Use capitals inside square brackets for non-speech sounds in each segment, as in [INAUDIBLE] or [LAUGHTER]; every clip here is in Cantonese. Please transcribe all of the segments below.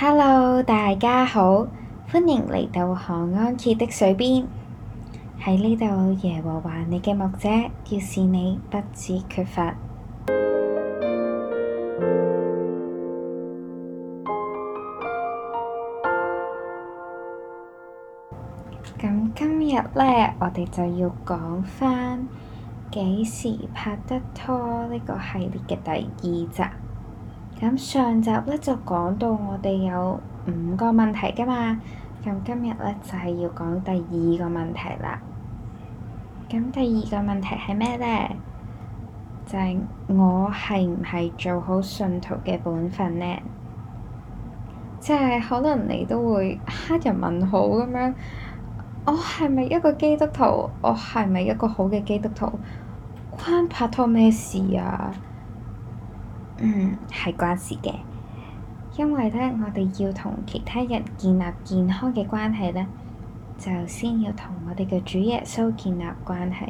哈嘍，Hello, 大家好，歡迎嚟到可安歇的水邊。喺呢度，耶和華你嘅牧者，要使你不致缺乏。咁 [MUSIC] 今日咧，我哋就要講返幾時拍得拖呢、這個系列嘅第二集。咁上集咧就講到我哋有五個問題㗎嘛，咁今日咧就係、是、要講第二個問題啦。咁第二個問題係咩咧？就係、是、我係唔係做好信徒嘅本分咧？即、就、係、是、可能你都會黑人問號咁樣，我係咪一個基督徒？我係咪一個好嘅基督徒？關拍拖咩事啊？嗯，係關事嘅，因為咧，我哋要同其他人建立健康嘅關係咧，就先要同我哋嘅主耶穌建立關係。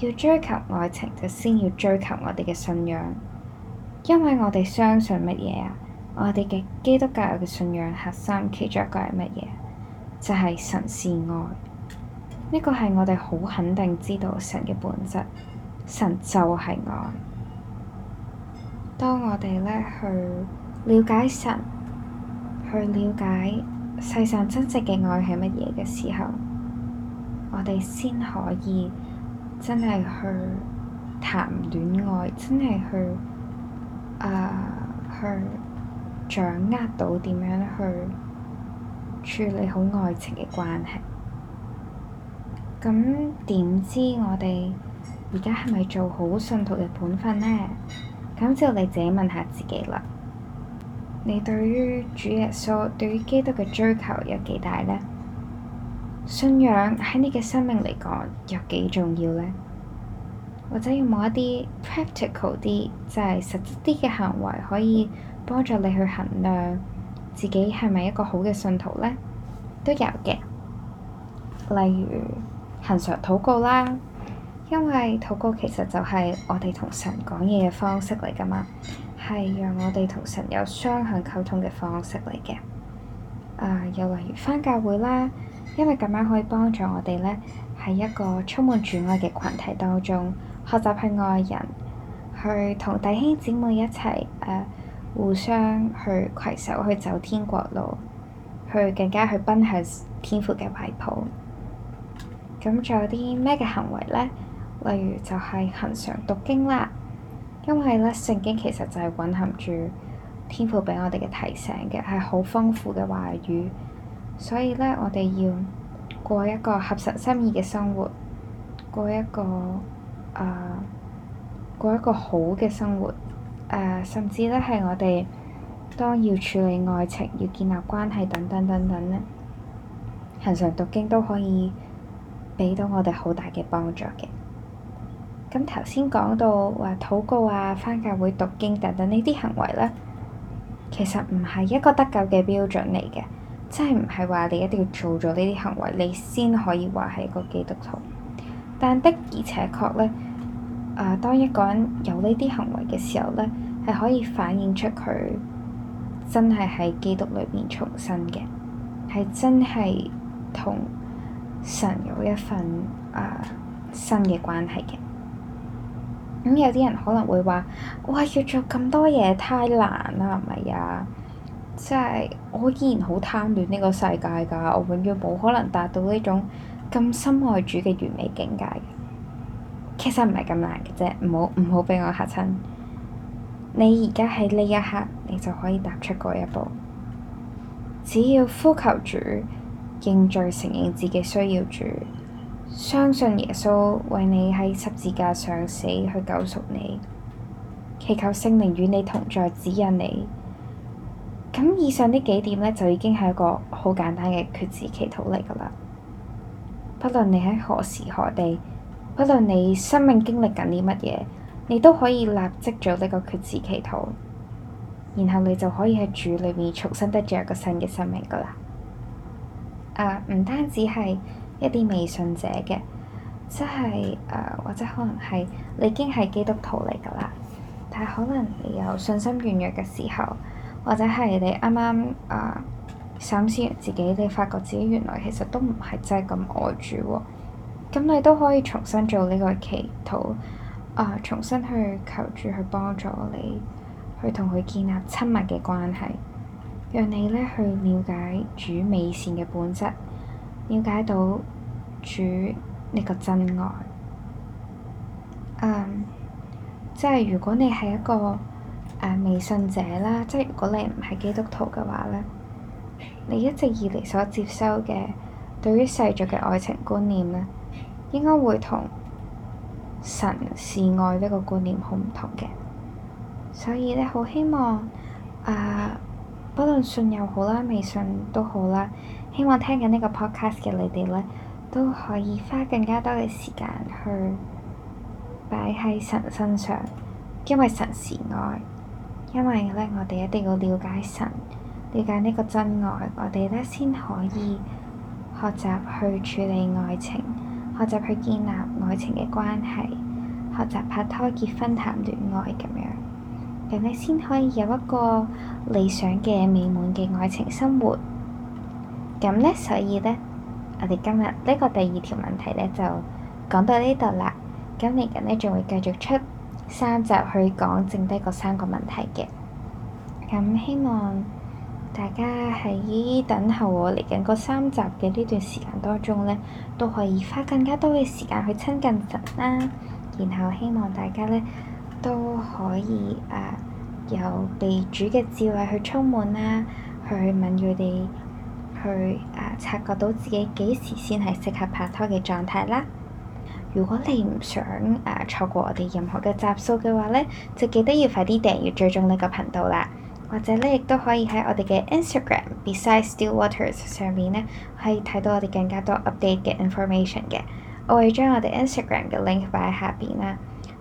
要追求愛情，就先要追求我哋嘅信仰。因為我哋相信乜嘢啊？我哋嘅基督教嘅信仰核心其中一個係乜嘢？就係神是愛。呢個係我哋好肯定知道神嘅本質。神就係愛。當我哋咧去了解神，去了解世上真正嘅愛係乜嘢嘅時候，我哋先可以真係去談戀愛，真係去啊、呃、去掌握到點樣去處理好愛情嘅關係。咁點知我哋而家係咪做好信徒嘅本分呢？咁就你自己問下自己啦。你對於主耶穌、對於基督嘅追求有幾大呢？信仰喺你嘅生命嚟講有幾重要呢？或者有冇一啲 practical 啲，就係實質啲嘅行為，可以幫助你去衡量自己係咪一個好嘅信徒呢？都有嘅，例如恆常禱告啦。因為禱告其實就係我哋同神講嘢嘅方式嚟㗎嘛，係讓我哋同神有雙向溝通嘅方式嚟嘅。誒、呃，又例如返教會啦，因為咁樣可以幫助我哋咧，喺一個充滿主愛嘅群體當中學習去愛人，去同弟兄姊妹一齊誒、呃，互相去攜手去走天國路，去更加去奔向天父嘅懷抱。咁仲有啲咩嘅行為咧？例如就係恒常讀經啦，因為咧聖經其實就係蘊含住天父畀我哋嘅提醒嘅，係好豐富嘅話語，所以咧我哋要過一個合神心意嘅生活，過一個誒、呃、過一個好嘅生活，誒、呃、甚至咧係我哋當要處理愛情、要建立關係等等等等咧，恆常讀經都可以俾到我哋好大嘅幫助嘅。咁頭先講到話禱告啊、返教會讀經等等呢啲行為咧，其實唔係一個得救嘅標準嚟嘅，即係唔係話你一定要做咗呢啲行為，你先可以話係個基督徒。但的而且確咧，啊、呃，當一個人有呢啲行為嘅時候咧，係可以反映出佢真係喺基督裏邊重生嘅，係真係同神有一份啊、呃、新嘅關係嘅。咁有啲人可能會話：哇，要做咁多嘢太難啦，係咪呀？即係我依然好貪戀呢個世界㗎，我永遠冇可能達到呢種咁深愛主嘅完美境界嘅。其實唔係咁難嘅啫，唔好唔好俾我嚇親。你而家喺呢一刻，你就可以踏出嗰一步。只要呼求主，認罪承認自己需要主。相信耶穌為你喺十字架上死去救贖你，祈求聖靈與你同在，指引你。咁以上呢幾點咧，就已經係一個好簡單嘅決志祈禱嚟噶啦。不論你喺何時何地，不論你生命經歷緊啲乜嘢，你都可以立即做呢個決志祈禱，然後你就可以喺主裏面重新得着一個新嘅生命噶啦。啊，唔單止係。一啲未信者嘅，即係誒、呃，或者可能係你已經係基督徒嚟㗎啦，但係可能你有信心軟弱嘅時候，或者係你啱啱啊審視自己，你發覺自己原來其實都唔係真係咁愛主喎，咁你都可以重新做呢個祈禱，啊、呃，重新去求助去幫助你，去同佢建立親密嘅關係，讓你咧去了解主美善嘅本質。了解到主呢、呢個真愛，um, 即係如果你係一個誒、啊、未信者啦，即係如果你唔係基督徒嘅話咧，你一直以嚟所接收嘅對於世俗嘅愛情觀念咧，應該會同神示愛呢個觀念好唔同嘅，所以咧好希望啊，不論信又好啦，未信都好啦。希望聽緊呢個 podcast 嘅你哋咧，都可以花更加多嘅時間去擺喺神身上，因為神是愛。因為咧，我哋一定要了解神，了解呢個真愛，我哋咧先可以學習去處理愛情，學習去建立愛情嘅關係，學習拍拖、結婚、談戀愛咁樣，咁你先可以有一個理想嘅美滿嘅愛情生活。咁咧，所以咧，我哋今日呢個第二條問題咧就講到呢度啦。咁嚟緊咧，仲會繼續出三集去講剩低嗰三個問題嘅。咁希望大家喺等候我嚟緊嗰三集嘅呢段時間當中咧，都可以花更加多嘅時間去親近神啦。然後希望大家咧都可以啊，由、呃、俾主嘅智慧去充滿啦，去問佢哋。去誒、啊、察覺到自己幾時先係適合拍拖嘅狀態啦。如果你唔想誒、啊、錯過我哋任何嘅集數嘅話咧，就記得要快啲訂閱追蹤呢個頻道啦。或者咧，亦都可以喺我哋嘅 Instagram Besides Still Waters 上邊咧，可以睇到我哋更加多 update 嘅 information 嘅。我會將我哋 Instagram 嘅 link 擺喺下邊啦。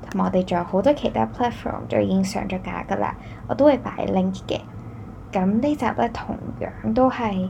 同埋我哋仲有好多其他 platform 都已經上咗架㗎啦，我都會擺 link 嘅。咁呢集咧同樣都係。